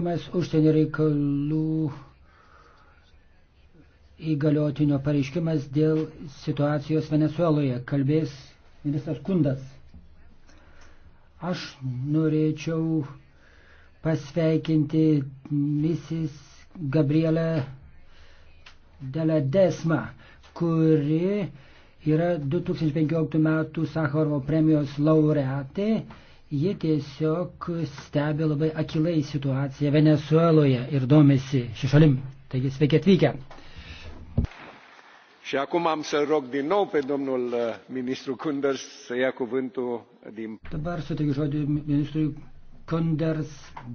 Mes užsienio reikalų įgaliotinio pareiškimas dėl situacijos Venezueloje. Kalbės ministras Kundas. Aš norėčiau pasveikinti Mrs. Gabrielę Deledesmą, kuri yra 2015 m. Sakharovo premijos laureatė. Ji tiesiog stebi labai akilai situaciją Venezueloje ir domisi ši šalim. Taigi sveiki atvykę. Și acum am să rog din nou pe domnul uh, ministru Kunders să ia cuvântul din... Dabar suteikiu žodį ministrui Kunders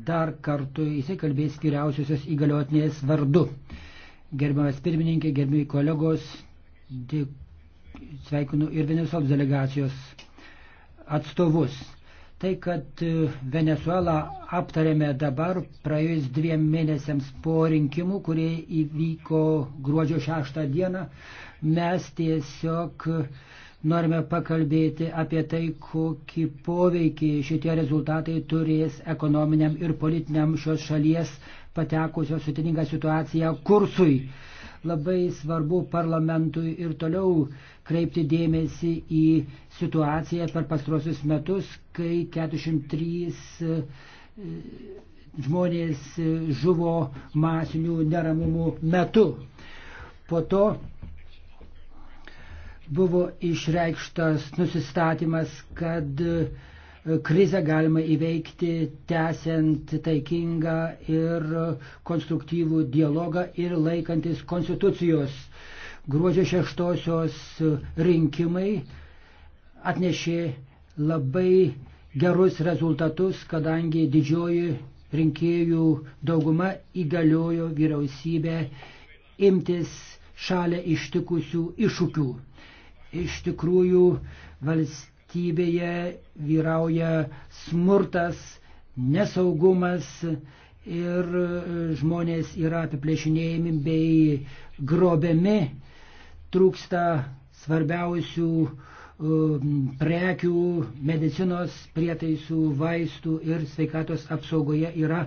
dar kartu įsikalbės vyriausiosios įgaliotinės vardu. Gerbiamas pirmininkė, gerbiami kolegos, dėkui sveikinu ir Venezuelos delegacijos atstovus. Tai, kad e, Venezuelą aptarėme dabar praėjus dviem mėnesiams po rinkimų, kurie įvyko gruodžio 6 dieną, mes tiesiog norime pakalbėti apie tai, kokį poveikį šitie rezultatai turės ekonominiam ir politiniam šios šalies patekusios sutiningą situaciją kursui. Labai svarbu parlamentui ir toliau kreipti dėmesį į situaciją per pastrosius metus, kai 43 e, žmonės e, žuvo masinių neramumų metu. Po to buvo išreikštas nusistatymas, kad e, krizę galima įveikti tęsiant taikingą ir konstruktyvų dialogą ir laikantis konstitucijos. Gruodžio šeštosios rinkimai atnešė labai gerus rezultatus, kadangi didžioji rinkėjų dauguma įgaliojo vyriausybę imtis šalia ištikusių iššūkių. Iš tikrųjų, valstybėje vyrauja smurtas, nesaugumas ir žmonės yra apiplešinėjami bei grobiami trūksta svarbiausių um, prekių, medicinos prietaisų, vaistų ir sveikatos apsaugoje yra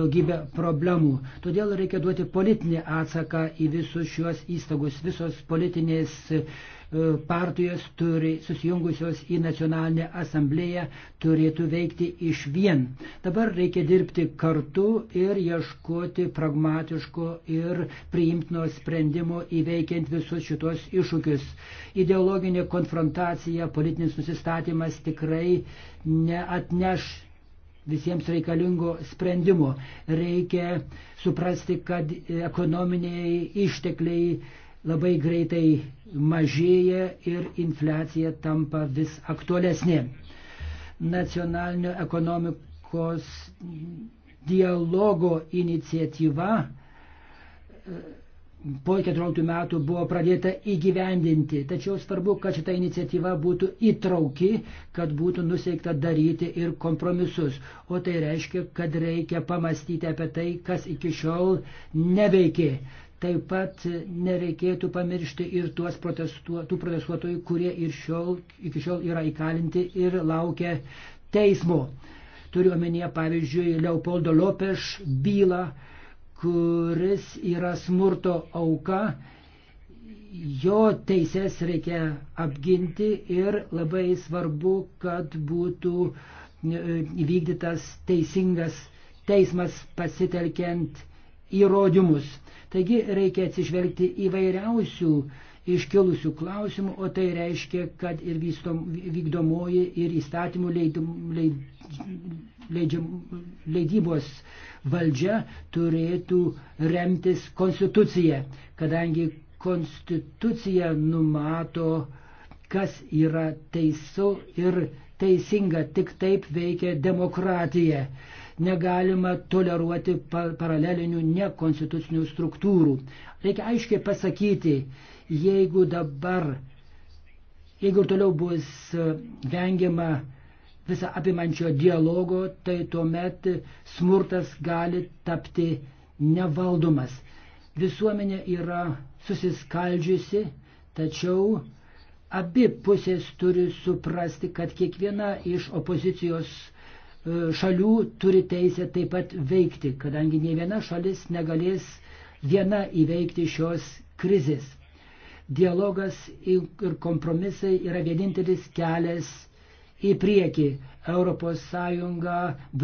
daugybė problemų. Todėl reikia duoti politinį atsaką į visus šiuos įstagus. Visos politinės uh, E, partijos turi susijungusios į nacionalinę asamblėją turėtų veikti iš vien. Dabar reikia dirbti kartu ir ieškoti pragmatiško ir priimtino sprendimo įveikiant visus šitos iššūkius. Ideologinė konfrontacija, politinis nusistatymas tikrai neatneš visiems reikalingo sprendimo. Reikia suprasti, kad ekonominiai ištekliai labai greitai mažėja ir infliacija tampa vis aktualesnė. Nacionalinio ekonomikos dialogo iniciatyva e, po 14 metų buvo pradėta įgyvendinti. Tačiau svarbu, kad šita iniciatyva būtų įtrauki, kad būtų nuseikta daryti ir kompromisus. O tai reiškia, kad reikia pamastyti apie tai, kas iki šiol neveikė. Taip pat nereikėtų pamiršti ir tuos protestuo, tų protestuotojų, kurie ir šiol, iki šiol yra įkalinti ir laukia teismo. Turiu omenyje, pavyzdžiui, Leopoldo Lopeš bylą, kuris yra smurto auka. Jo teises reikia apginti ir labai svarbu, kad būtų e, įvykdytas teisingas teismas pasitelkiant įrodymus. Taigi reikia atsižvelgti įvairiausių iškilusių klausimų, o tai reiškia, kad ir vystom, vykdomoji, ir įstatymų leidim, leid, leidžiam, leidybos valdžia turėtų remtis konstitucija, kadangi konstitucija numato, kas yra teisu ir teisinga, tik taip veikia demokratija negalima toleruoti paralelinių nekonstitucinių struktūrų. Reikia aiškiai pasakyti, jeigu dabar, jeigu ir toliau bus vengiama visą apimančio dialogo, tai tuomet smurtas gali tapti nevaldomas. Visuomenė yra susiskaldžiusi, tačiau abi pusės turi suprasti, kad kiekviena iš opozicijos E, šalių turi teisę taip pat veikti, kadangi ne viena šalis negalės viena įveikti šios krizės. Dialogas ir kompromisai yra vienintelis kelias į priekį. ES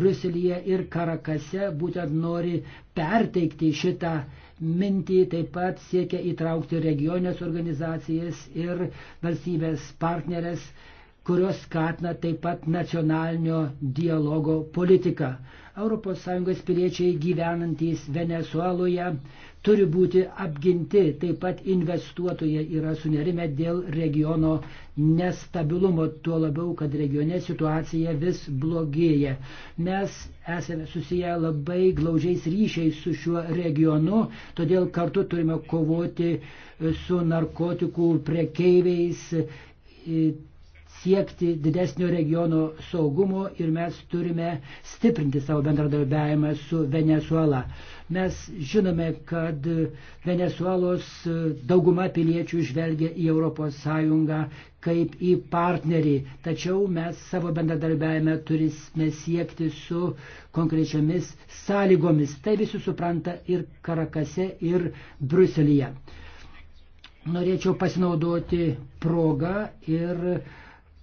Bruselėje ir Karakase būtent nori perteikti šitą mintį, taip pat siekia įtraukti regionės organizacijas ir valstybės partnerės kurios skatina taip pat nacionalinio dialogo politiką. ES piliečiai gyvenantys Venezueloje turi būti apginti, taip pat investuotojai yra sunerime dėl regiono nestabilumo, tuo labiau, kad regione situacija vis blogėja. Mes esame susiję labai glaužiais ryšiais su šiuo regionu, todėl kartu turime kovoti su narkotikų prekeiviais siekti didesnio regiono saugumo ir mes turime stiprinti savo bendradarbiavimą su Venezuela. Mes žinome, kad Venezuelos dauguma piliečių žvelgia į ES kaip į partnerį, tačiau mes savo bendradarbiavime turime siekti su konkrečiamis sąlygomis. Tai visi supranta ir Karakase, ir Bruselėje norėčiau pasinaudoti progą ir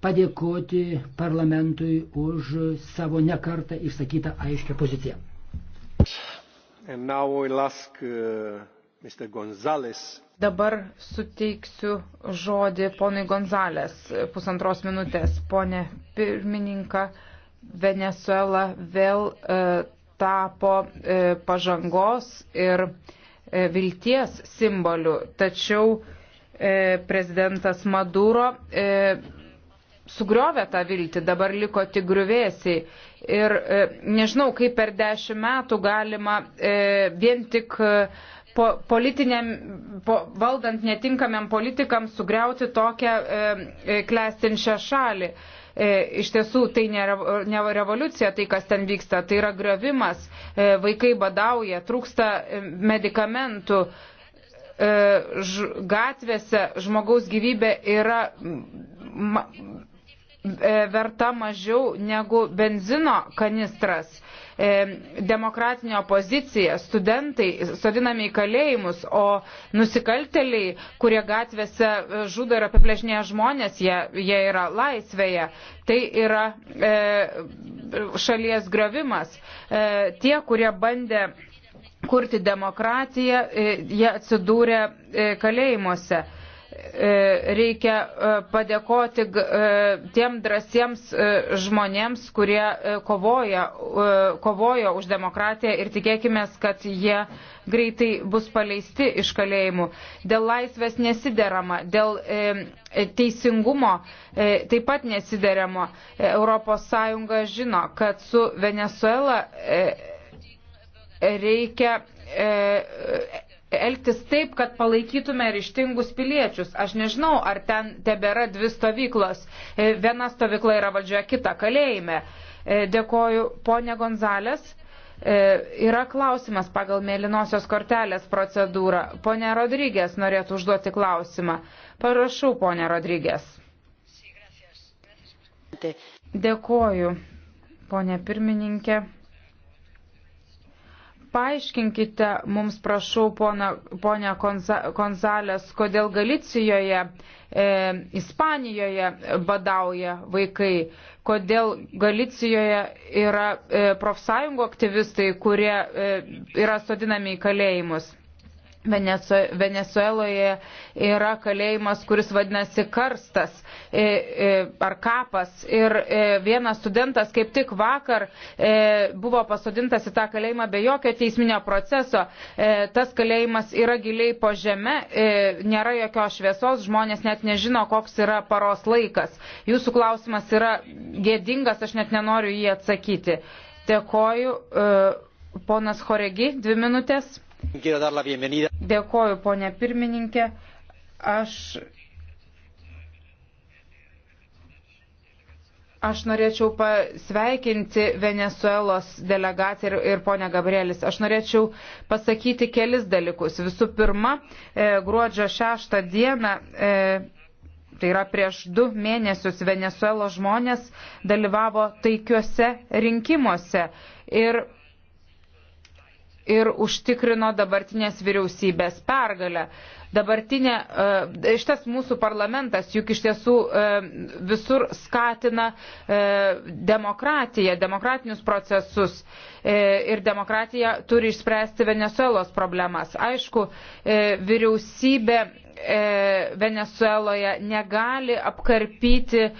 padėkoti parlamentui už savo nekartą išsakytą aiškę poziciją. Ask, uh, Dabar suteiksiu žodį ponui Gonzalės pusantros minutės. Pone pirmininką, Venezuela vėl e, uh, tapo e, uh, pažangos ir e, vilties simboliu, tačiau e, prezidentas Maduro e, sugriovė tą viltį, dabar liko tik gruvėsiai. Ir e, nežinau, kaip per dešimt metų galima e, vien tik e, po, politiniam, po, valdant netinkamiam politikam sugriauti tokią e, e klestinčią šalį. E, iš tiesų tai nėra, ne revoliucija, tai kas ten vyksta, tai yra gravimas, e, vaikai badauja, trūksta e, medikamentų, e, ž, gatvėse žmogaus gyvybė yra ma, E, verta mažiau negu benzino kanistras. E, demokratinė opozicija, studentai sodinami į kalėjimus, o nusikalteliai, kurie gatvėse e, žudo ir apiplėžinėja žmonės, jie, jie yra laisvėje. Tai yra e, šalies gravimas. E, tie, kurie bandė kurti demokratiją, e, jie atsidūrė e, kalėjimuose. E, E, reikia e, padėkoti e, tiem drąsiems žmonėms, kurie kovoja, kovojo už demokratiją ir tikėkime, kad jie greitai bus paleisti iš kalėjimų. Dėl laisvės nesiderama, dėl teisingumo taip pat nesiderama. ES žino, kad su Venezuela reikia elgtis taip, kad palaikytume ryštingus piliečius. Aš nežinau, ar ten tebėra dvi stovyklos. E, viena stovykla yra valdžioje, kita kalėjime. E, dėkoju, ponė Gonzalės. E, yra klausimas pagal mėlynosios kortelės procedūrą. Pone Rodrygės norėtų užduoti klausimą. Parašau, ponė Rodrygės. Dėkoju, ponė pirmininkė. Paaiškinkite mums, prašau, ponia Konzalės, kodėl Galicijoje, e, Ispanijoje badauja vaikai, kodėl Galicijoje yra e, profsąjungų aktyvistai, kurie e, yra sodinami į kalėjimus. Venezueloje yra kalėjimas, kuris vadinasi karstas e, e, ar kapas. Ir e, vienas studentas kaip tik vakar buvo pasodintas į tą kalėjimą be jokio teisminio proceso. Tas kalėjimas yra giliai po žeme, nėra jokios šviesos, žmonės net nežino, koks yra paros laikas. Jūsų klausimas yra gėdingas, aš net nenoriu jį atsakyti. Dėkoju. Ponas Horegi, dvi minutės. Dėkoju, ponė pirmininkė. Aš, aš norėčiau pasveikinti Venezuelos delegaciją ir, ir ponę Gabrielis. Aš norėčiau pasakyti kelis dalykus. Visų pirma, e, gruodžio šeštą dieną. E, Tai yra prieš du mėnesius Venezuelos žmonės dalyvavo taikiuose rinkimuose. Ir ir užtikrino dabartinės vyriausybės pergalę. Dabartinė, e, šitas mūsų parlamentas juk iš tiesų e, visur skatina e, demokratiją, demokratinius procesus ir demokratija turi išspręsti Venezuelos problemas. Aišku, vyriausybė E, Venezueloje negali apkarpyti e,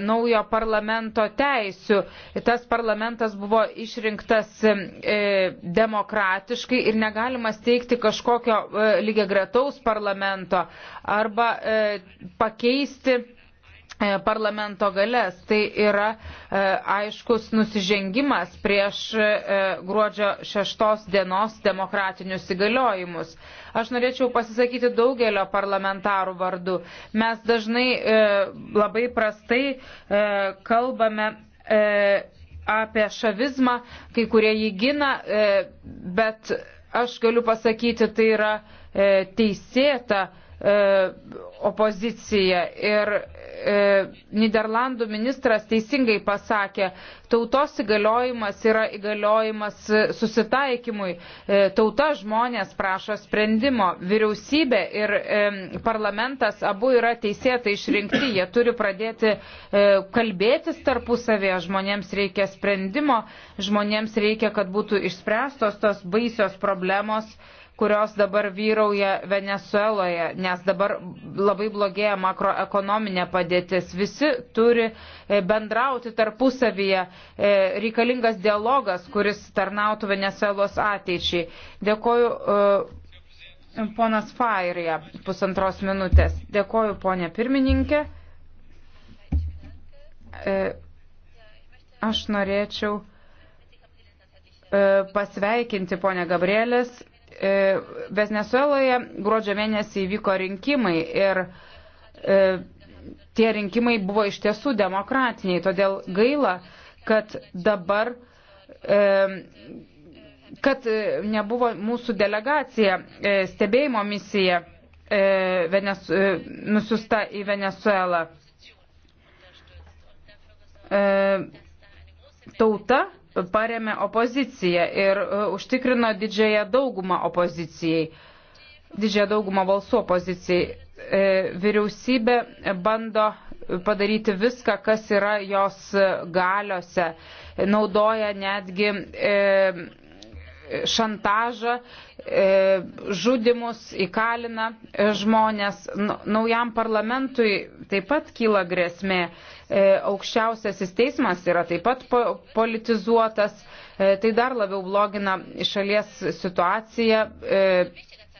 naujo parlamento teisių. Tas parlamentas buvo išrinktas e, demokratiškai ir negalima steigti kažkokio lygiagretaus parlamento arba pakeisti E, parlamento galės. Tai yra e, aiškus nusižengimas prieš e, gruodžio šeštos dienos demokratinius įgaliojimus. Aš norėčiau pasisakyti daugelio parlamentarų vardu. Mes dažnai e, labai prastai e, kalbame. E, apie šavizmą, kai kurie jį gina, e, bet aš galiu pasakyti, tai yra e, teisėta e, E, opozicija. Ir e, Niderlandų ministras teisingai pasakė, tautos įgaliojimas yra įgaliojimas susitaikymui. E, tauta žmonės prašo sprendimo. Vyriausybė ir e, parlamentas abu yra teisėtai išrinkti. Jie turi pradėti e, kalbėtis tarpusavėje. Žmonėms reikia sprendimo, žmonėms reikia, kad būtų išspręstos tos baisios problemos kurios dabar vyrauja Venezueloje, nes dabar labai blogėja makroekonominė padėtis. Visi turi e, bendrauti tarpusavyje, e, reikalingas dialogas, kuris tarnautų Venezuelos ateičiai. Dėkoju. E, ponas Fairija, pusantros minutės. Dėkoju, ponė pirmininkė. Aš norėčiau pasveikinti ponę Gabrielės E, Venezueloje gruodžio mėnesį įvyko rinkimai ir e, tie rinkimai buvo iš tiesų demokratiniai, todėl gaila, kad dabar, e, kad e, nebuvo mūsų delegacija e, stebėjimo misija e, Venezu, e, nusiusta į Venezuelą. E, tauta paremė opoziciją ir e, užtikrino didžiąją daugumą opozicijai, didžiąją daugumą balsų opozicijai. E, vyriausybė bando padaryti viską, kas yra jos galiose, naudoja netgi e, šantažą, žudimus, įkalina žmonės. Naujam parlamentui taip pat kyla grėsmė E, aukščiausiasis teismas yra taip pat politizuotas, e, tai dar labiau blogina šalies situaciją, e,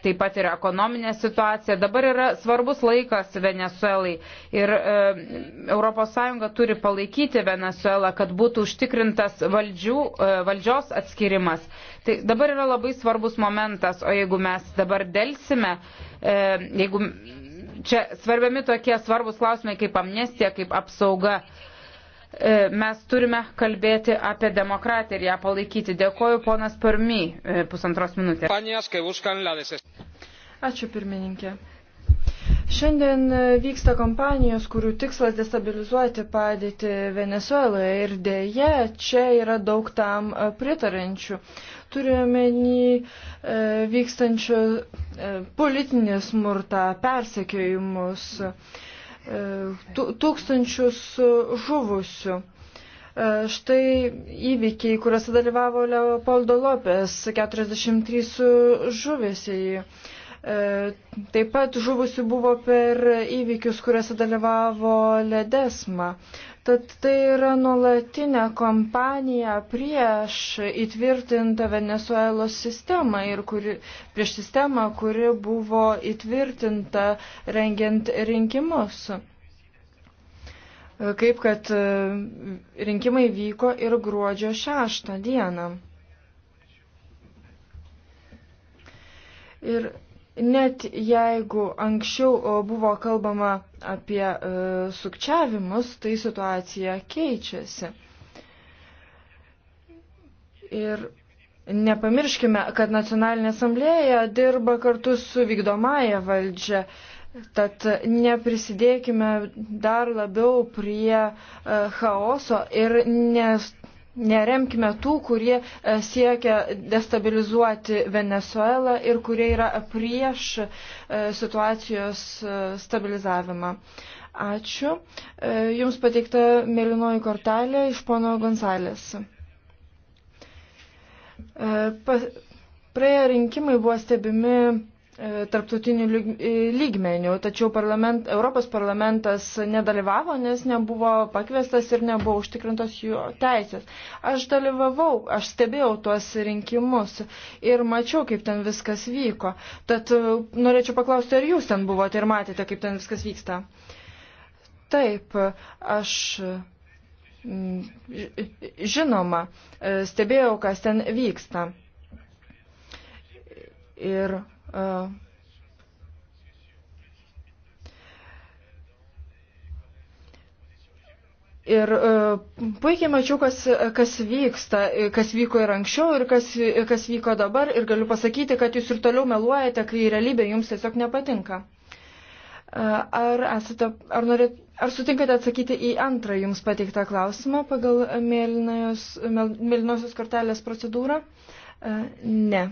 taip pat ir ekonominė situacija. Dabar yra svarbus laikas Venezuelai ir ES turi palaikyti Venezuelą, kad būtų užtikrintas valdžių, valdžios atskirimas. Tai dabar yra labai svarbus momentas, o jeigu mes dabar dėlsime, jeigu čia svarbiami tokie svarbus klausimai kaip amnestija, kaip apsauga. E, mes turime kalbėti apie demokratiją ir ją palaikyti. Dėkoju, ponas Parmy, e, pusantros minutės. Ačiū, pirmininkė. Šiandien e, vyksta kampanijos, kurių tikslas destabilizuoti padėtį Venezueloje ir dėje čia yra daug tam e, pritarančių. Turiuomenį e, vykstančių politinį smurtą, persekiojimus, tūkstančius žuvusių štai įvykiai, kuriuose dalyvavo Leopoldo Lopes, 43 žuvėsiai. E, taip pat žuvusių buvo per įvykius, kuriuose dalyvavo Ledesma. Tad tai yra nuolatinė kompanija prieš įtvirtintą Venezuelos sistemą ir kuri, prieš sistemą, kuri buvo įtvirtinta rengiant rinkimus. Kaip kad e, rinkimai vyko ir gruodžio šeštą dieną. Ir Net jeigu anksčiau buvo kalbama apie e, sukčiavimus, tai situacija keičiasi. Ir nepamirškime, kad Nacionalinė asamblėja dirba kartu su vykdomąją valdžią. Tad neprisidėkime dar labiau prie e, chaoso ir nes, Neremkime tų, kurie e, siekia destabilizuoti Venezuelą ir kurie yra prieš e, situacijos e, stabilizavimą. Ačiū. Jums pateikta mėlynoji kortelė iš pono Gonzalės. Praėję rinkimai buvo stebimi E, tarptautinių e, lygmenių, tačiau parlament, Europos parlamentas nedalyvavo, nes nebuvo pakviestas ir nebuvo užtikrintos jų teisės. Aš dalyvavau, aš stebėjau tuos rinkimus ir mačiau, kaip ten viskas vyko. Tad e, norėčiau paklausti, ar jūs ten buvote ir matėte, kaip ten viskas vyksta. Taip, aš. Mm, žinoma, stebėjau, kas ten vyksta. Ir E, ir e, puikiai mačiau, kas, kas vyksta, e, kas vyko ir anksčiau, ir kas, kas vyko dabar, ir galiu pasakyti, kad jūs ir toliau meluojate, kai realybė jums tiesiog nepatinka. Ar, esate, ar, norėt, ar sutinkate atsakyti į antrą jums pateiktą klausimą pagal mėlynosios kortelės procedūrą? Ne.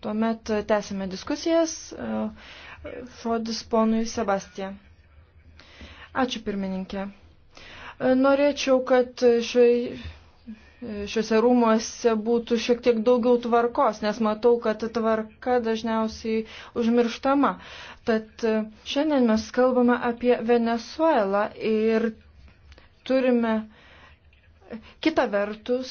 Tuomet tęsime diskusijas. Žodis ponui Sebastija. Ačiū pirmininkė. Norėčiau, kad šiai, šiuose rūmuose būtų šiek tiek daugiau tvarkos, nes matau, kad tvarka dažniausiai užmirštama. Tad šiandien mes kalbame apie Venezuelą ir turime uh, Kita vertus,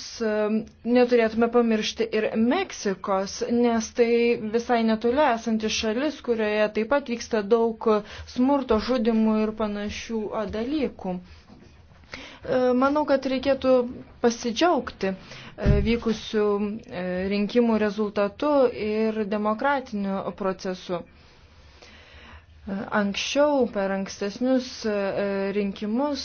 neturėtume pamiršti ir Meksikos, nes tai visai netoli esanti šalis, kurioje taip pat vyksta daug smurto, žudimų ir panašių dalykų. E, manau, kad reikėtų pasidžiaugti e, vykusių e, rinkimų rezultatu ir demokratiniu procesu. Anksčiau, per ankstesnius rinkimus,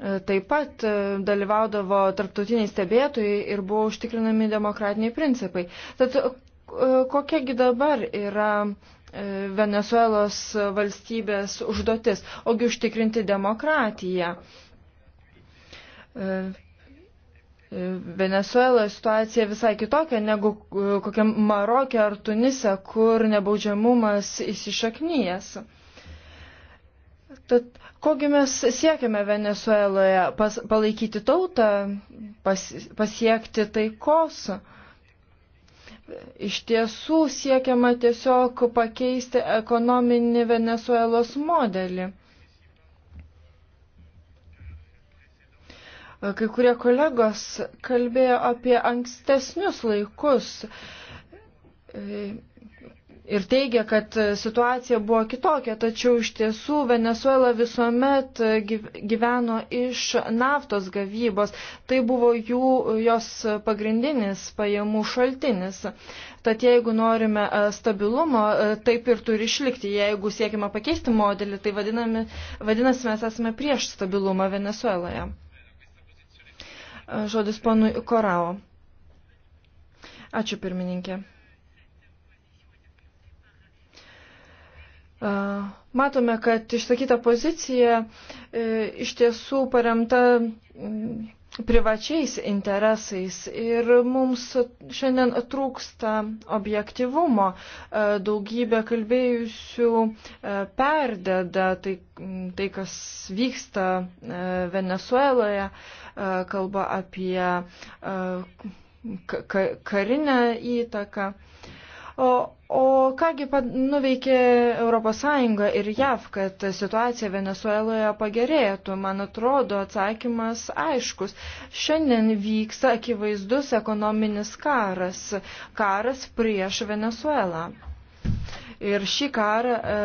Taip pat e, dalyvaudavo tarptautiniai stebėtojai ir buvo užtikrinami demokratiniai principai. Tad e, kokiagi dabar yra e, Venezuelos valstybės užduotis, ogi užtikrinti demokratiją. Venezueloje situacija visai kitokia negu kokiam Marokė ar Tunise, kur nebaudžiamumas įsišaknyjas. Tad kogi mes siekiame Venezueloje pas, palaikyti tautą, pas, pasiekti taikos? Iš tiesų siekiama tiesiog pakeisti ekonominį Venezuelos modelį. Kai kurie kolegos kalbėjo apie ankstesnius laikus ir teigia, kad situacija buvo kitokia, tačiau iš tiesų Venezuela visuomet gyveno iš naftos gavybos. Tai buvo jų, jos pagrindinis pajamų šaltinis. Tad jeigu norime e, stabilumo, e, taip ir turi išlikti. Jeigu siekime pakeisti modelį, tai vadinami, vadinasi mes esame prieš stabilumą Venezueloje. E, žodis ponui Korao. Ačiū pirmininkė. Matome, kad išsakyta pozicija e, iš tiesų paremta privačiais interesais ir mums šiandien trūksta objektivumo. Daugybė kalbėjusių perdeda tai, tai kas vyksta Venezueloje, kalba apie karinę įtaką. O, o kągi nuveikė ES ir JAV, kad situacija Venezueloje pagerėtų? Man atrodo, atsakymas aiškus. Šiandien vyksta akivaizdus ekonominis karas. Karas prieš Venezuelą. Ir šį karą e,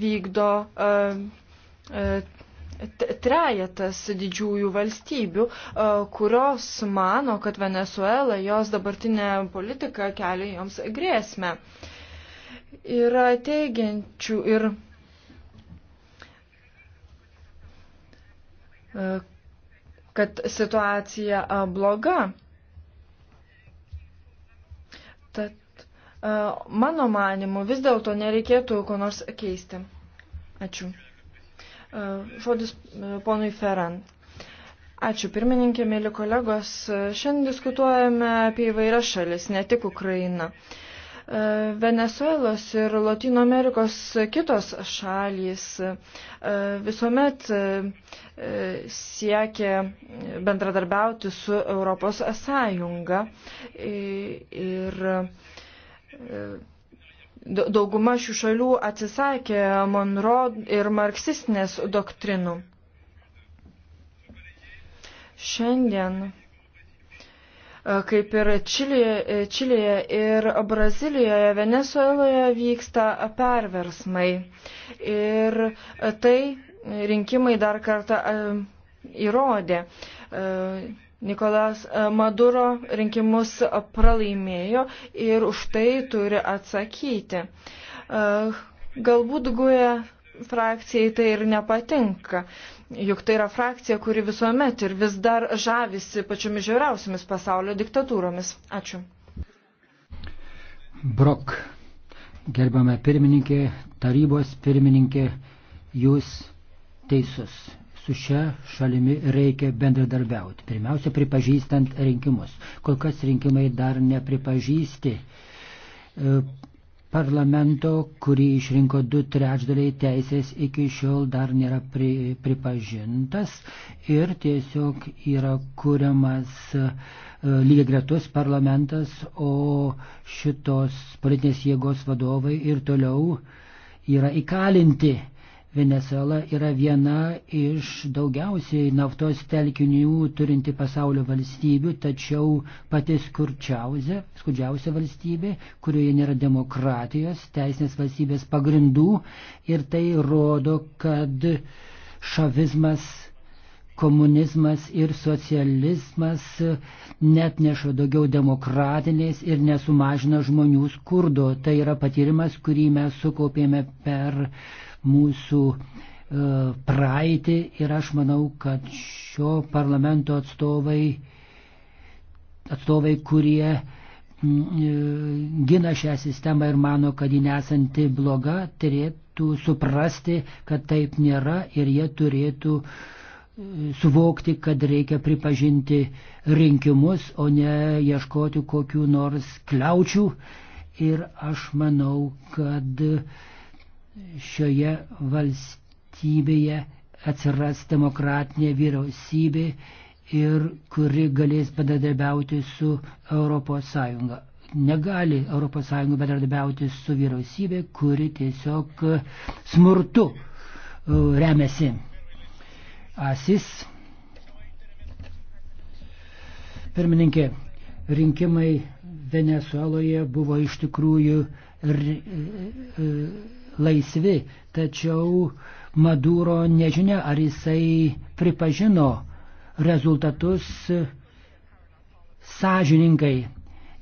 vykdo. E, e, trejetas didžiųjų valstybių, e, kurios mano, kad Venezuela, jos dabartinė politika kelia joms grėsmę. Yra teigiančių ir e, kad situacija e, bloga. Tad mano manimu vis dėlto nereikėtų ko nors keisti. Ačiū. E, žodis e, ponui Ferrand. Ačiū pirmininkė, mėly kolegos. E, šiandien diskutuojame apie įvairias šalis, ne tik Ukrainą. Venezuelos ir Latino Amerikos kitos šalys visuomet siekė bendradarbiauti su Europos Sąjunga ir dauguma šių šalių atsisakė Monro ir marksistinės doktrinų. Šiandien, e, kaip ir Čilėje, Čilėje ir Brazilijoje, Venezueloje vyksta perversmai. Ir e, tai rinkimai dar kartą e, įrodė. Nikolas e, Maduro rinkimus pralaimėjo ir už tai turi atsakyti. E, galbūt guja frakcijai tai ir nepatinka, juk tai yra frakcija, kuri visuomet ir vis dar žavisi pačiomis žiauriausiamis pasaulio diktatūromis. Ačiū. Brok, gerbama pirmininkė, tarybos pirmininkė, jūs teisus su šia šalimi reikia bendradarbiauti. Pirmiausia, pripažįstant rinkimus. Kol kas rinkimai dar nepripažįsti e, parlamento, kurį išrinko du trečdaliai teisės, iki šiol dar nėra pri, pripažintas ir tiesiog yra kuriamas e, lygiai gretus parlamentas, o šitos politinės jėgos vadovai ir toliau yra įkalinti Venezuela yra viena iš daugiausiai naftos telkinių turinti pasaulio valstybių, tačiau pati skurčiausia, skurdžiausia valstybė, kurioje nėra demokratijos, teisinės valstybės pagrindų ir tai rodo, kad šavizmas, komunizmas ir socializmas net neša daugiau demokratinės ir nesumažina žmonių skurdo. Tai yra patyrimas, kurį mes sukaupėme per mūsų e, praeitį ir aš manau, kad šio parlamento atstovai, atstovai kurie e, gina šią sistemą ir mano, kad ji nesanti bloga, turėtų suprasti, kad taip nėra ir jie turėtų e, suvokti, kad reikia pripažinti rinkimus, o ne ieškoti kokių nors kliaučių. Ir aš manau, kad uh, šioje valstybėje atsiras demokratinė vyriausybė ir kuri galės bendradarbiauti su ES. Negali ES bendradarbiauti su vyriausybė, kuri tiesiog smurtu e, remiasi. Asis. Pirmininkė, rinkimai Venezueloje buvo iš tikrųjų. R, r, e, r, e, laisvi, tačiau Maduro nežinia, ar jisai pripažino rezultatus sąžiningai.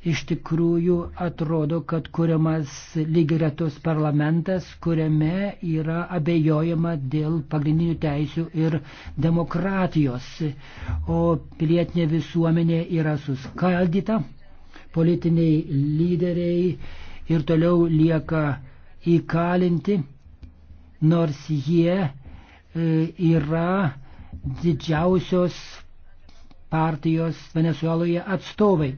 Iš tikrųjų atrodo, kad kuriamas lygiretus parlamentas, kuriame yra abejojama dėl pagrindinių teisių ir demokratijos, o pilietinė visuomenė yra suskaldyta, politiniai lyderiai ir toliau lieka įkalinti, nors jie e, yra didžiausios partijos Venezueloje atstovai.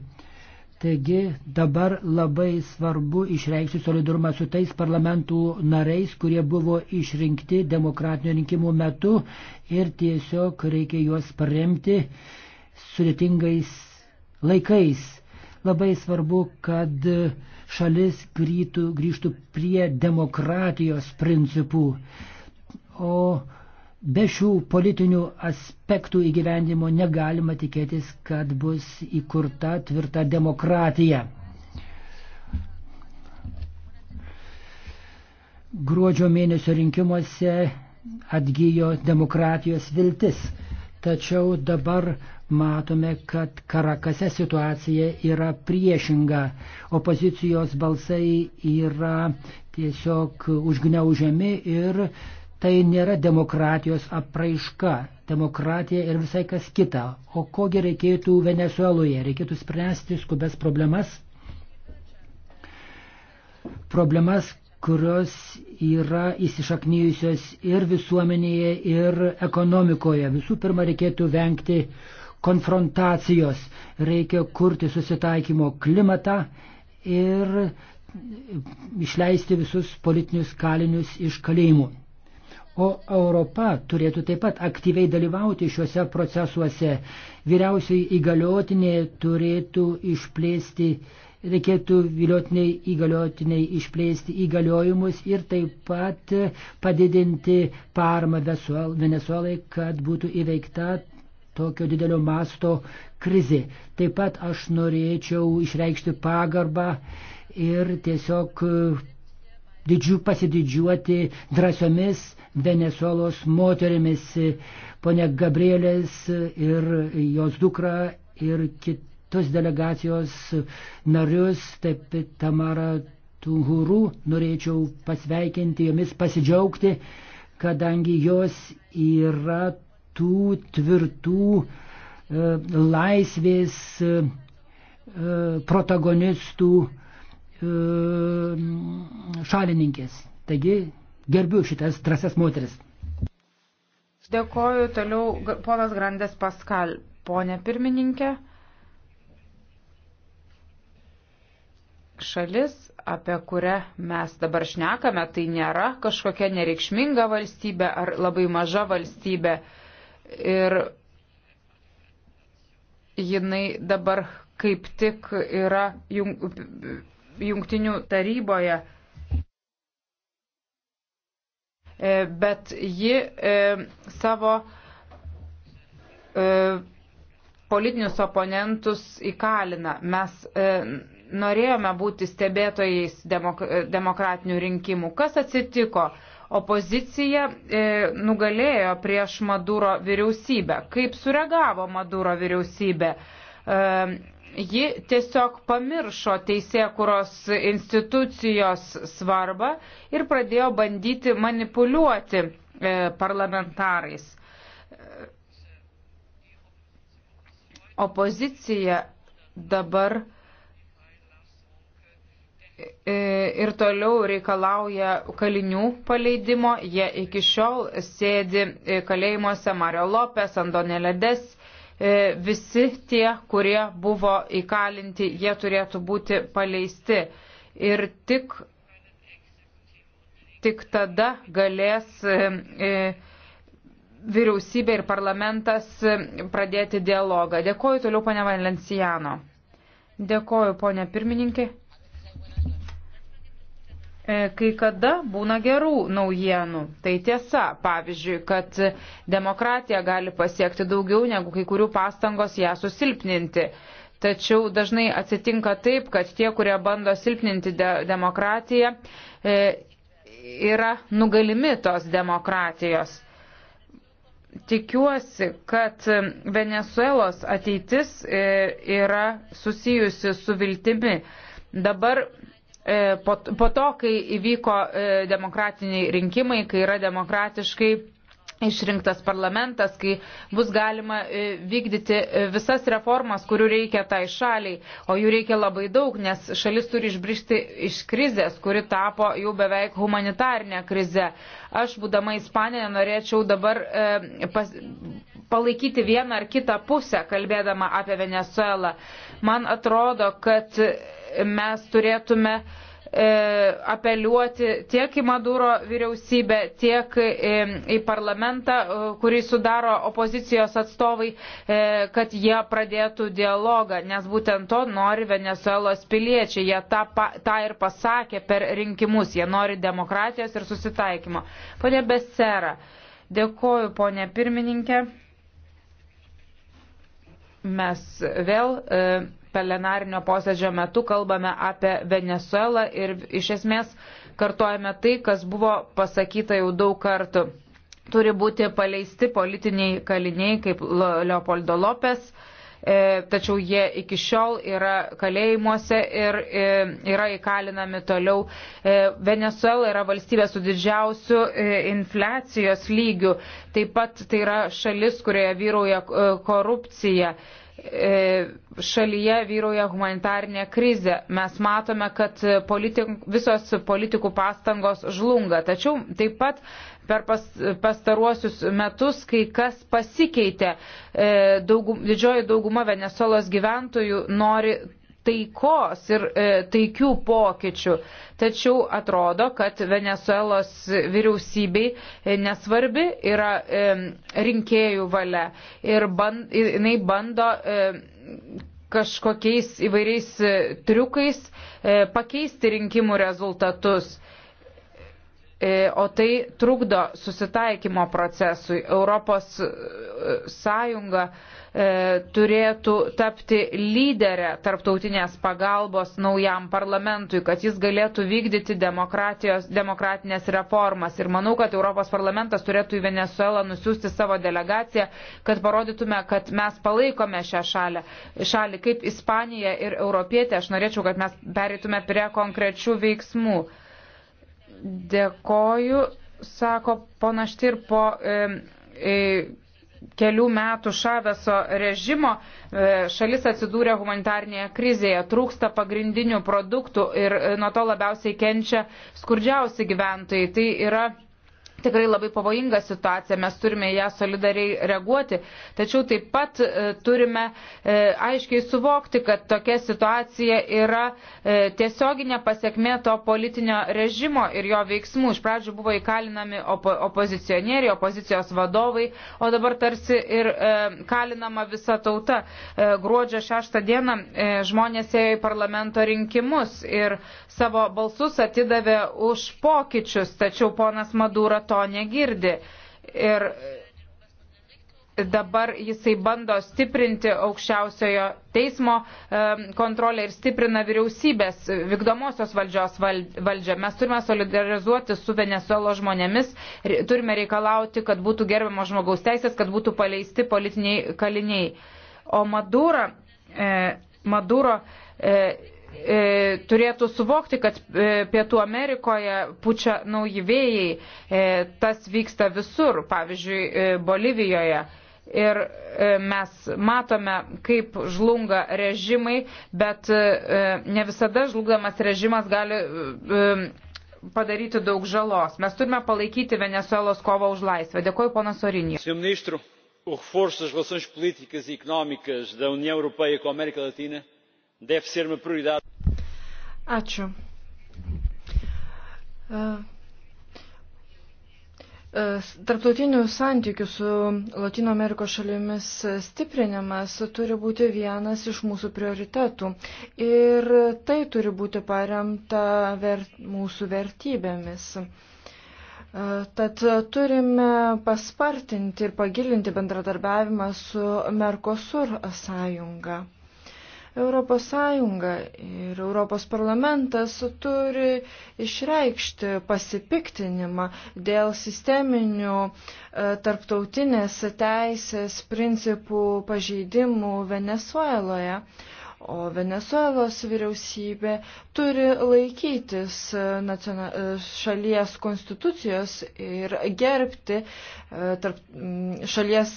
Taigi dabar labai svarbu išreikšti solidarumą su tais parlamentų nariais, kurie buvo išrinkti demokratinio rinkimų metu ir tiesiog reikia juos paremti sudėtingais laikais. Labai svarbu, kad šalis grytų, grįžtų prie demokratijos principų. O be šių politinių aspektų įgyvendimo negalima tikėtis, kad bus įkurta tvirta demokratija. Gruodžio mėnesio rinkimuose atgyjo demokratijos viltis. Tačiau dabar matome, kad Karakase situacija yra priešinga. Opozicijos balsai yra tiesiog užgneužiami ir tai nėra demokratijos apraiška. Demokratija ir visai kas kita. O kogi reikėtų Venezueloje? Reikėtų spręsti skubes problemas. Problemas, kurios yra įsišaknyjusios ir visuomenėje, ir ekonomikoje. Visų pirma, reikėtų vengti konfrontacijos, reikia kurti susitaikymo klimatą ir išleisti visus politinius kalinius iš kalėjimų. O Europa turėtų taip pat aktyviai dalyvauti šiuose procesuose. Vyriausiai įgaliotinė turėtų išplėsti reikėtų viliotiniai įgaliotiniai išplėsti įgaliojimus ir taip pat padidinti paramą Venezuelai, kad būtų įveikta tokio didelio masto krizė. Taip pat aš norėčiau išreikšti pagarbą ir tiesiog e, didžiu, pasididžiuoti drąsiomis Venezuelos moterimis, ponia Gabrielės ir jos dukra ir kit, tos delegacijos narius, taip Tamara Tuhurų, norėčiau pasveikinti, jomis pasidžiaugti, kadangi jos yra tų tvirtų e, laisvės e, protagonistų e, šalininkės. Taigi gerbiu šitas drąsias moteris. Dėkoju toliau ponas Grandes Paskal, ponė pirmininkė. šalis, apie kurią mes dabar šnekame, tai nėra kažkokia nereikšminga valstybė ar labai maža valstybė. Ir jinai dabar kaip tik yra jungtinių taryboje. E, bet ji e, savo e, politinius oponentus įkalina. Mes norėjome būti stebėtojais demok demokratinių rinkimų. Kas atsitiko? Opozicija e, nugalėjo prieš Maduro vyriausybę. Kaip sureagavo Maduro vyriausybė? E, ji tiesiog pamiršo teisėkuros institucijos svarbą ir pradėjo bandyti manipuliuoti e, parlamentarais. E, opozicija dabar e, E, ir toliau reikalauja kalinių paleidimo. Jie iki šiol sėdi e, kalėjimuose Mario Lopes, Andonėlėdes. E, visi tie, kurie buvo įkalinti, jie turėtų būti paleisti. Ir tik, tik tada galės vyriausybė ir parlamentas pradėti dialogą. Dėkoju toliau, ponia Valencijano. Dėkoju, ponia pirmininkė. E, kai kada būna gerų naujienų. Tai tiesa, pavyzdžiui, kad demokratija gali pasiekti daugiau negu kai kurių pastangos ją susilpninti. Tačiau dažnai atsitinka taip, kad tie, kurie bando silpninti de demokratiją, e, yra nugalimi tos demokratijos. Tikiuosi, kad Venezuelos ateitis e, yra susijusi su viltimi. Dabar E, po, po to, kai įvyko e, demokratiniai rinkimai, kai yra demokratiškai išrinktas parlamentas, kai bus galima e, vykdyti visas reformas, kurių reikia tai šaliai, o jų reikia labai daug, nes šalis turi išbrišti iš krizės, kuri tapo jau beveik humanitarnė krize. Aš, būdama Ispanija, norėčiau dabar e, pas, palaikyti vieną ar kitą pusę, kalbėdama apie Venezuelą. Man atrodo, kad mes turėtume e, apeliuoti tiek į Maduro vyriausybę, tiek e, į parlamentą, e, kurį sudaro opozicijos atstovai, e, kad jie pradėtų dialogą, nes būtent to nori Venezuelos piliečiai. Jie tą, tą ir pasakė per rinkimus. Jie nori demokratijos ir susitaikymo. Pone Besera, dėkoju, ponė pirmininkė mes vėl e, plenarinio posėdžio metu kalbame apie Venezuelą ir iš esmės kartojame tai, kas buvo pasakyta jau daug kartų. Turi būti paleisti politiniai kaliniai kaip Leopoldo Lopes E, tačiau jie iki šiol yra kalėjimuose ir e, yra įkalinami toliau. E, Venezuela yra valstybė su didžiausiu infliacijos lygiu. Taip pat tai yra šalis, kurioje vyrauja korupcija šalyje vyrauja humanitarnė krizė. Mes matome, kad politik, visos politikų pastangos žlunga. Tačiau taip pat per pas, pastaruosius metus kai kas pasikeitė. E, daugum, didžioji dauguma Venezuelos gyventojų nori taikos ir e, taikių pokyčių. Tačiau atrodo, kad Venezuelos vyriausybei e, nesvarbi yra e, rinkėjų valia ir ban, jinai bando e, kažkokiais įvairiais e, triukais e, pakeisti rinkimų rezultatus. E, E, o tai trukdo susitaikymo procesui. Europos e, Sąjunga e, turėtų tapti lyderę tarptautinės pagalbos naujam parlamentui, kad jis galėtų vykdyti demokratinės reformas. Ir manau, kad Europos parlamentas turėtų į Venezuelą nusiųsti savo delegaciją, kad parodytume, kad mes palaikome šią šalį. šalį kaip Ispanija ir Europietė, aš norėčiau, kad mes pereitume prie konkrečių veiksmų. Dėkoju, sako pana Štirpo. E, e, kelių metų Šaveso režimo e, šalis atsidūrė humanitarnėje krizėje, trūksta pagrindinių produktų ir e, nuo to labiausiai kenčia skurdžiausi gyventojai. Tai yra tikrai labai pavojinga situacija, mes turime ją solidariai reaguoti, tačiau taip pat e, turime e, aiškiai suvokti, kad tokia situacija yra e, tiesioginė pasiekmė to politinio režimo ir jo veiksmų. Iš pradžių buvo įkalinami opo opozicionieriai, opozicijos vadovai, o dabar tarsi ir kalinama visa tauta. Gruodžio 6 dieną žmonės ėjo į parlamento rinkimus ir savo balsus atidavė už pokyčius, tačiau ponas Madūra to negirdi. Ir dabar jisai bando stiprinti aukščiausiojo teismo kontrolę ir stiprina vyriausybės vykdomosios valdžios valdžią. Mes turime solidarizuoti su Venezuelo žmonėmis, turime reikalauti, kad būtų gerbiamo žmogaus teisės, kad būtų paleisti politiniai kaliniai. O Maduro, e, Maduro e, E, turėtų suvokti, kad e, Pietų Amerikoje pučia nauji vėjai, e, tas vyksta visur, pavyzdžiui, Bolivijoje. Ir mes matome, kaip žlunga režimai, bet ne visada žlugdamas režimas gali padaryti daug žalos. Mes turime palaikyti Venezuelos kovą už laisvę. Dėkuoju, ponas Orinė. O reforço das relações políticas e económicas da União Europeia com a América Latina deve ser uma prioridade. Ačiū. E, e, tarptautinių santykių su Latino Amerikos šalimis stiprinimas turi būti vienas iš mūsų prioritetų ir tai turi būti paremta ver, mūsų vertybėmis. E, tad turime paspartinti ir pagilinti bendradarbiavimą su Merkosur sąjunga. Europos Sąjunga ir Europos parlamentas turi išreikšti pasipiktinimą dėl sisteminių e, tarptautinės teisės principų pažeidimų Venezueloje. O Venezuelos vyriausybė turi laikytis e, e, šalies konstitucijos ir gerbti e, tarp šalies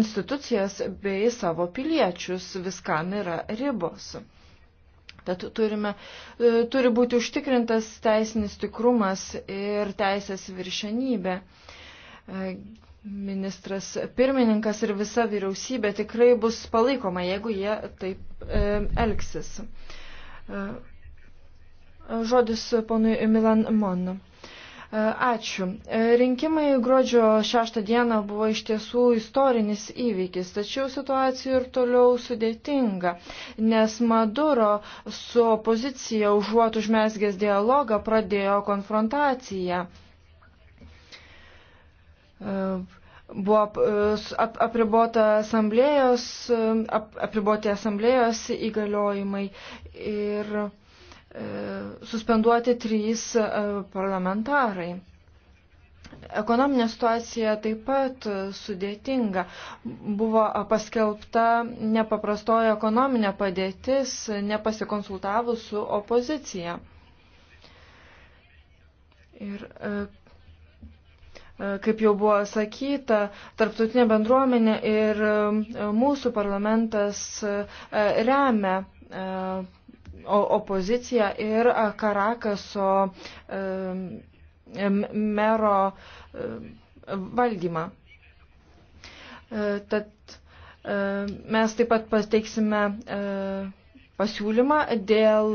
institucijas bei savo piliečius. Viskam yra ribos. Tad turime, turi būti užtikrintas teisinis tikrumas ir teisės viršenybė ministras pirmininkas ir visa vyriausybė tikrai bus palaikoma, jeigu jie taip e, elgsis. E, žodis ponui Milan Mon. E, ačiū. E, rinkimai gruodžio 6 dieną buvo iš tiesų istorinis įvykis, tačiau situacija ir toliau sudėtinga, nes Maduro su opozicija užuot užmesgęs dialogą pradėjo konfrontaciją. Buvo ap, apribota asamblėjos, ap, apriboti asamblėjos įgaliojimai ir e, suspenduoti trys e, parlamentarai. Ekonominė situacija taip pat sudėtinga. Buvo paskelbta nepaprastoja ekonominė padėtis, nepasikonsultavus su opozicija. Ir e, kaip jau buvo sakyta, tarptautinė bendruomenė ir e, mūsų parlamentas e, remia e, opoziciją ir Karakaso mero valdymą. Tad mes taip pat pateiksime pasiūlymą dėl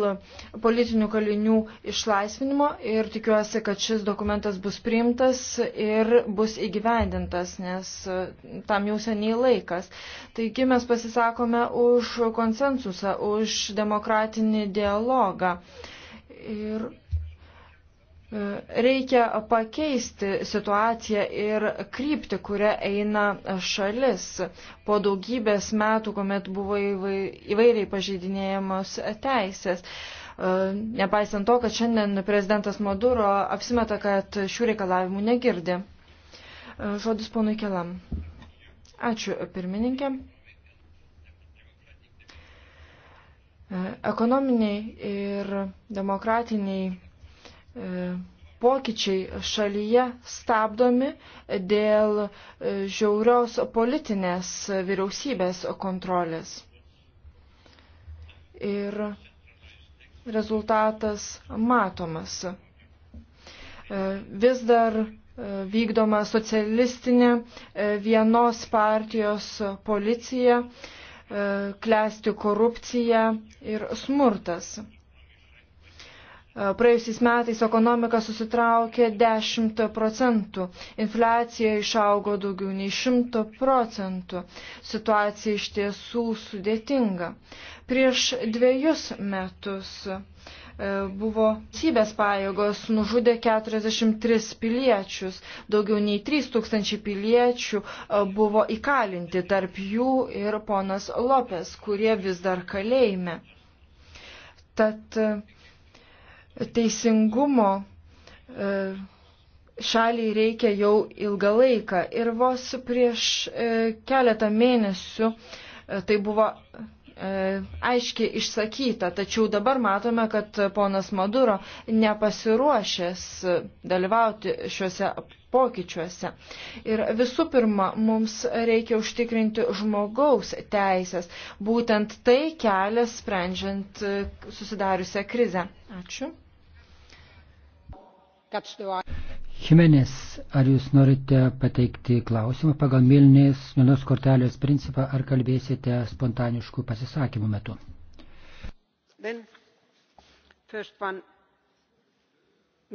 politinių kalinių išlaisvinimo ir tikiuosi, kad šis dokumentas bus priimtas ir bus įgyvendintas, nes e, tam jau seniai laikas. Taigi mes pasisakome už konsensusą, už demokratinį dialogą. Ir Reikia pakeisti situaciją ir krypti, kurią eina šalis po daugybės metų, kuomet buvo įvairiai pažeidinėjamos teisės. E, nepaisant to, kad šiandien prezidentas Maduro apsimeta, kad šių reikalavimų negirdi. E, žodis ponui Kelam. Ačiū, pirmininkė. E, ekonominiai ir demokratiniai pokyčiai šalyje stabdomi dėl e, žiaurios politinės vyriausybės kontrolės. Ir rezultatas matomas. E, vis dar e, vykdoma socialistinė vienos partijos policija, klesti korupcija ir smurtas. E, praėjusiais metais ekonomika susitraukė 10 procentų, infliacija išaugo daugiau nei 100 procentų, situacija iš tiesų sudėtinga. Prieš dviejus metus e, buvo sybės pajėgos nužudė 43 piliečius, daugiau nei 3000 piliečių e, buvo įkalinti, tarp jų ir ponas Lopes, kurie vis dar kalėjime. Tad teisingumo e, šaliai reikia jau ilgą laiką. Ir vos prieš e, keletą mėnesių e, tai buvo aiškiai išsakyta, tačiau dabar matome, kad ponas Maduro nepasiruošęs dalyvauti šiuose pokyčiuose. Ir visų pirma, mums reikia užtikrinti žmogaus teisės. Būtent tai kelias sprendžiant susidariusią krizę. Ačiū. Jimenez, ar jūs norite pateikti klausimą pagal Milnės vienos kortelės principą, ar kalbėsite spontaniškų pasisakymų metu? Then, first one,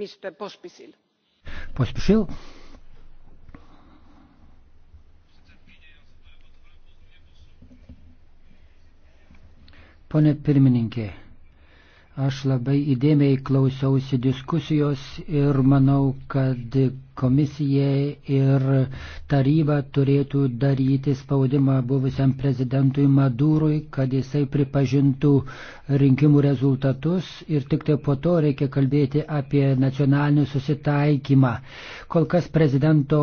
Mr. Pospisil. Pospisil. Pone pirmininkė, Aš labai įdėmiai klausiausi diskusijos ir manau, kad komisija ir taryba turėtų daryti spaudimą buvusiam prezidentui Madūrui, kad jisai pripažintų rinkimų rezultatus ir tik tai po to reikia kalbėti apie nacionalinį susitaikymą. Kol kas prezidento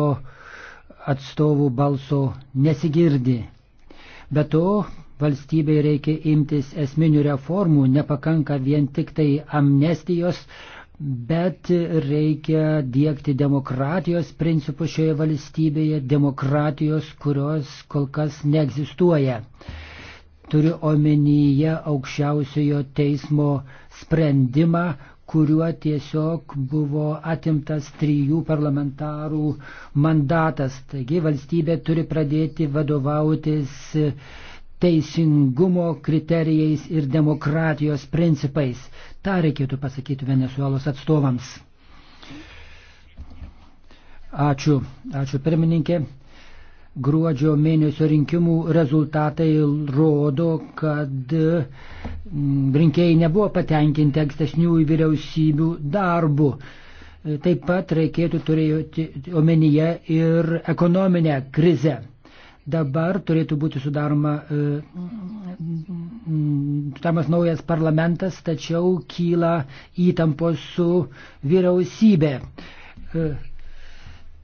atstovų balso nesigirdi. Be to, valstybei reikia imtis esminių reformų, nepakanka vien tik tai amnestijos, bet reikia dėkti demokratijos principų šioje valstybėje, demokratijos, kurios kol kas neegzistuoja. Turiu omenyje aukščiausiojo teismo sprendimą, kuriuo tiesiog buvo atimtas trijų parlamentarų mandatas. Taigi valstybė turi pradėti vadovautis teisingumo kriterijais ir demokratijos principais. Ta reikėtų pasakyti Venezuelos atstovams. Ačiū, ačiū pirmininkė. Gruodžio mėnesio rinkimų rezultatai rodo, kad mm, rinkėjai nebuvo patenkinti ankstesnių vyriausybių darbų. Taip pat reikėtų turėti omenyje ir ekonominę krizę. Dabar turėtų būti sudaroma, e, sudaromas naujas parlamentas, tačiau kyla įtampos su vyriausybė. E,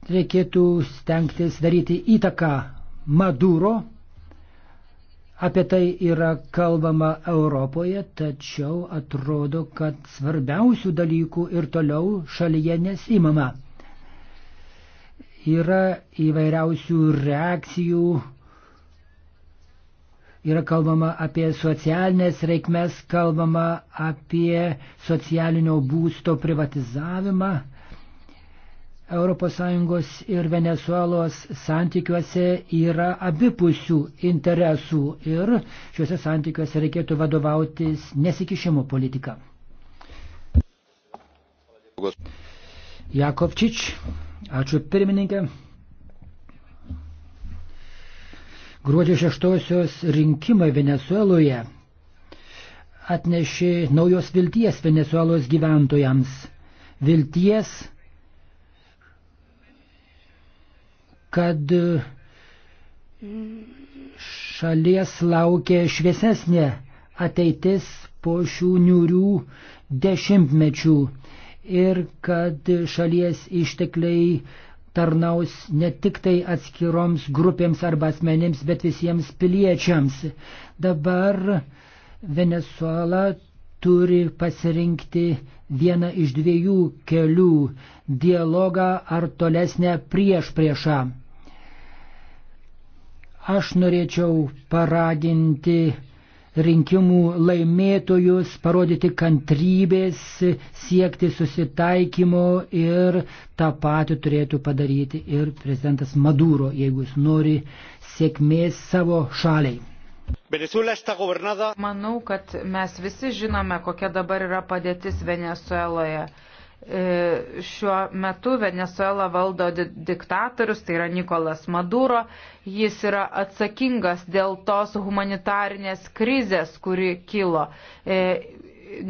reikėtų stengtis daryti įtaką Maduro. Apie tai yra kalbama Europoje, tačiau atrodo, kad svarbiausių dalykų ir toliau šalyje nesimama. Yra įvairiausių reakcijų, yra kalbama apie socialinės reikmes, kalbama apie socialinio būsto privatizavimą. ES ir Venezuelos santykiuose yra abipusių interesų ir šiuose santykiuose reikėtų vadovautis nesikišimo politika. Jakovčič. Ačiū pirmininkė. Gruodžio šeštosios rinkimai Venezueloje atnešė naujos vilties Venezuelos gyventojams. Vilties, kad šalies laukia šviesesnė ateitis po šių niūrių dešimtmečių ir kad šalies ištekliai tarnaus ne tik tai atskiroms grupėms arba asmenėms, bet visiems piliečiams. Dabar Venezuela turi pasirinkti vieną iš dviejų kelių - dialogą ar tolesnę prieš priešą. Aš norėčiau paraginti rinkimų laimėtojus, parodyti kantrybės, siekti susitaikymo ir tą patį turėtų padaryti ir prezidentas Maduro, jeigu jis nori sėkmės savo šaliai. Manau, kad mes visi žinome, kokia dabar yra padėtis Venezueloje. E, šiuo metu Venezuela valdo diktatorius, tai yra Nikolas Maduro. Jis yra atsakingas dėl tos humanitarinės krizės, kuri kilo, e,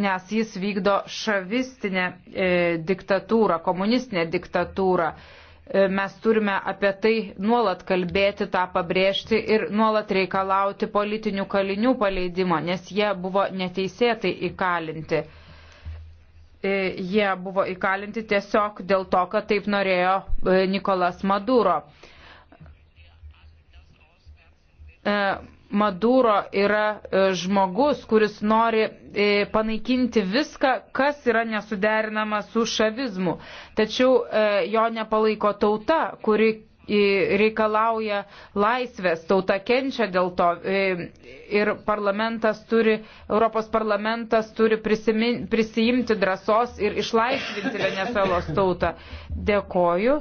nes jis vykdo šavistinę e, diktatūrą, komunistinę diktatūrą mes turime apie tai nuolat kalbėti, tą pabrėžti ir nuolat reikalauti politinių kalinių paleidimo, nes jie buvo neteisėtai įkalinti. E, jie buvo įkalinti tiesiog dėl to, kad taip norėjo e, Nikolas Maduro. E, Maduro yra žmogus, kuris nori panaikinti viską, kas yra nesuderinama su šavizmu. Tačiau jo nepalaiko tauta, kuri reikalauja laisvės, tauta kenčia dėl to e, ir parlamentas turi, Europos parlamentas turi prisimin, prisijimti drąsos ir išlaisvinti Venezuelos tautą. Dėkoju.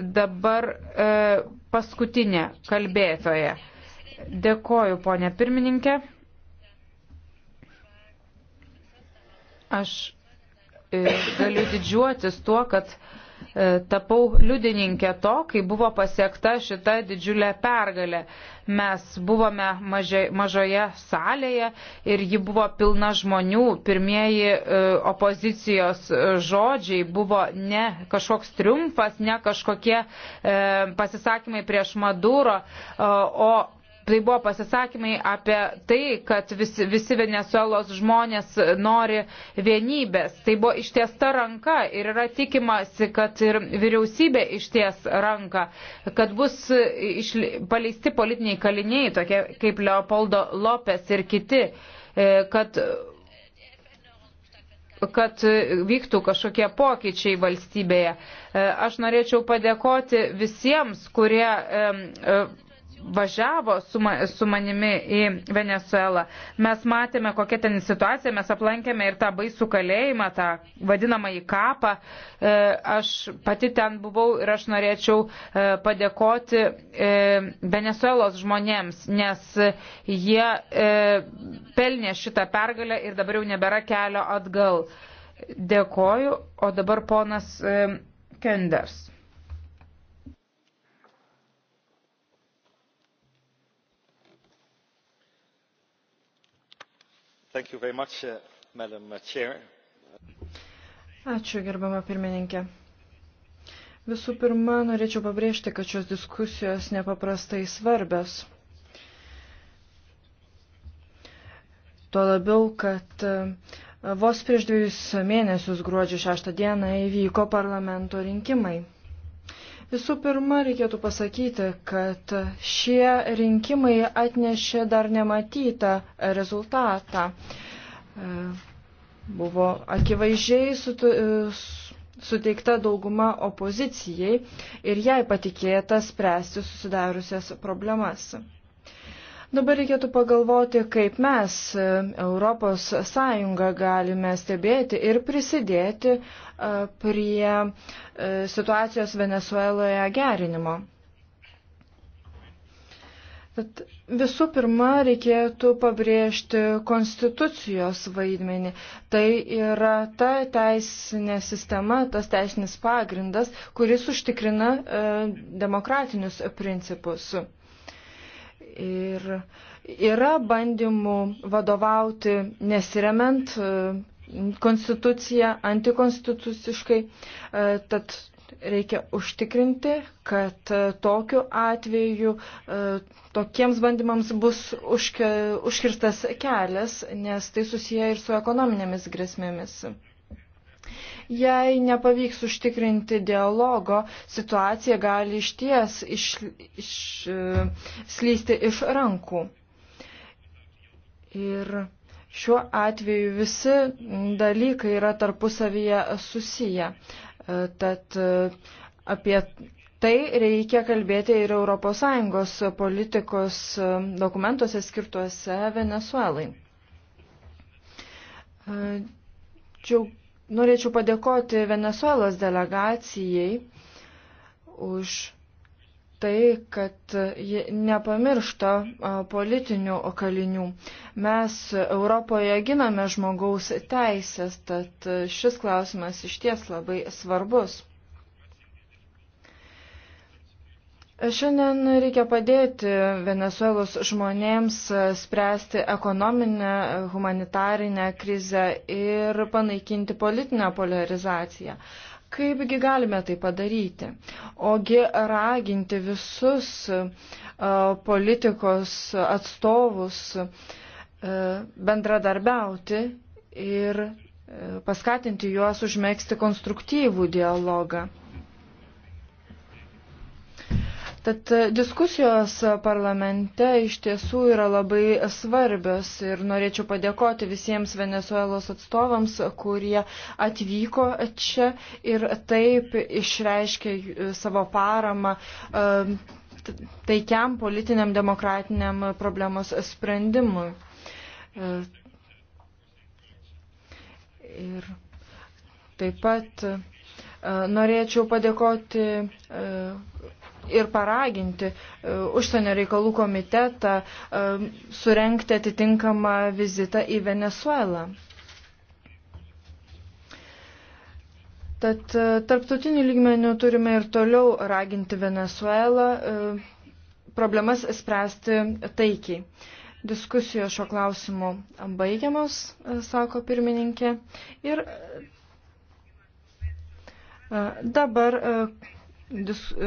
Dabar e, paskutinė kalbėtoja. Dėkoju, ponė pirmininkė. Aš e, galiu didžiuotis tuo, kad e, E, tapau liudininkė to, kai buvo pasiekta šita didžiulė pergalė. Mes buvome mažai, mažoje salėje ir ji buvo pilna žmonių. Pirmieji e, opozicijos e, žodžiai buvo ne kažkoks triumfas, ne kažkokie pasisakymai prieš Maduro, o tai buvo pasisakymai apie tai, kad visi, visi Venezuelos žmonės nori vienybės. Tai buvo ištiesta ranka ir yra tikimasi, kad ir vyriausybė išties ranką, kad bus išli, paleisti politiniai kaliniai, tokie kaip Leopoldo Lopes ir kiti, e, kad kad vyktų kažkokie pokyčiai valstybėje. E, aš norėčiau padėkoti visiems, kurie e, važiavo su, ma, su manimi į Venezuelą. Mes matėme, kokia ten situacija, mes aplankėme ir tą baisų kalėjimą, tą vadinamą į kapą. E, aš pati ten buvau ir aš norėčiau e, padėkoti e, Venezuelos žmonėms, nes jie e, pelnė šitą pergalę ir dabar jau nebėra kelio atgal. Dėkoju, o dabar ponas e, Kenders. Much, uh, Ačiū, gerbama pirmininkė. Visų pirma, norėčiau pabrėžti, kad šios diskusijos nepaprastai svarbios. Tuo labiau, kad uh, vos prieš dviejus mėnesius gruodžio šeštą dieną įvyko parlamento rinkimai. Visų pirma, reikėtų pasakyti, kad šie rinkimai atnešė dar nematytą rezultatą. Buvo akivaizdžiai suteikta dauguma opozicijai ir jai patikėta spręsti susidariusias problemas. Dabar reikėtų pagalvoti, kaip mes, ES, galime stebėti ir prisidėti e, prie e, situacijos Venezueloje gerinimo. Bet visų pirma, reikėtų pabrėžti konstitucijos vaidmenį. Tai yra ta teisinė sistema, tas teisinis pagrindas, kuris užtikrina e, demokratinius principus. E, Ir yra bandymų vadovauti nesiremiant e, konstituciją antikonstituciškai, e, tad reikia užtikrinti, kad e, tokiu atveju tokiems bandymams bus užkirstas kelias, nes tai susiję ir su ekonominėmis grėsmėmis. Jei nepavyks užtikrinti dialogo, situacija gali išties iš, iš, slysti iš rankų. Ir šiuo atveju visi dalykai yra tarpusavyje susiję. E, tad e, apie tai reikia kalbėti ir ES politikos e, dokumentuose skirtuose Venezuelai. Džiaugiuosi Norėčiau padėkoti Venezuelos delegacijai už tai, kad ji nepamiršta politinių kalinių. Mes Europoje giname žmogaus teisės, tad šis klausimas iš ties labai svarbus. Šiandien reikia padėti Venezuelos žmonėms e, spręsti ekonominę, humanitarinę krizę ir panaikinti politinę polarizaciją. Kaipgi galime tai padaryti? Ogi raginti visus e, politikos atstovus e, bendradarbiauti ir paskatinti juos užmėgsti konstruktyvų dialogą. Tad diskusijos parlamente iš tiesų yra labai svarbios ir norėčiau padėkoti visiems Venezuelos atstovams, kurie atvyko čia ir taip išreiškė savo paramą ehm, taikiam politiniam demokratiniam problemos sprendimui. Ir taip pat e, norėčiau padėkoti e, ir paraginti e, užsienio reikalų komitetą e, surenkti atitinkamą vizitą į Venezuelą. Tad e, tarptautinių lygmenių turime ir toliau raginti Venezuelą problemas spręsti taikiai. Diskusijos šio klausimu baigiamos, sako pirmininkė. Ir dabar dis,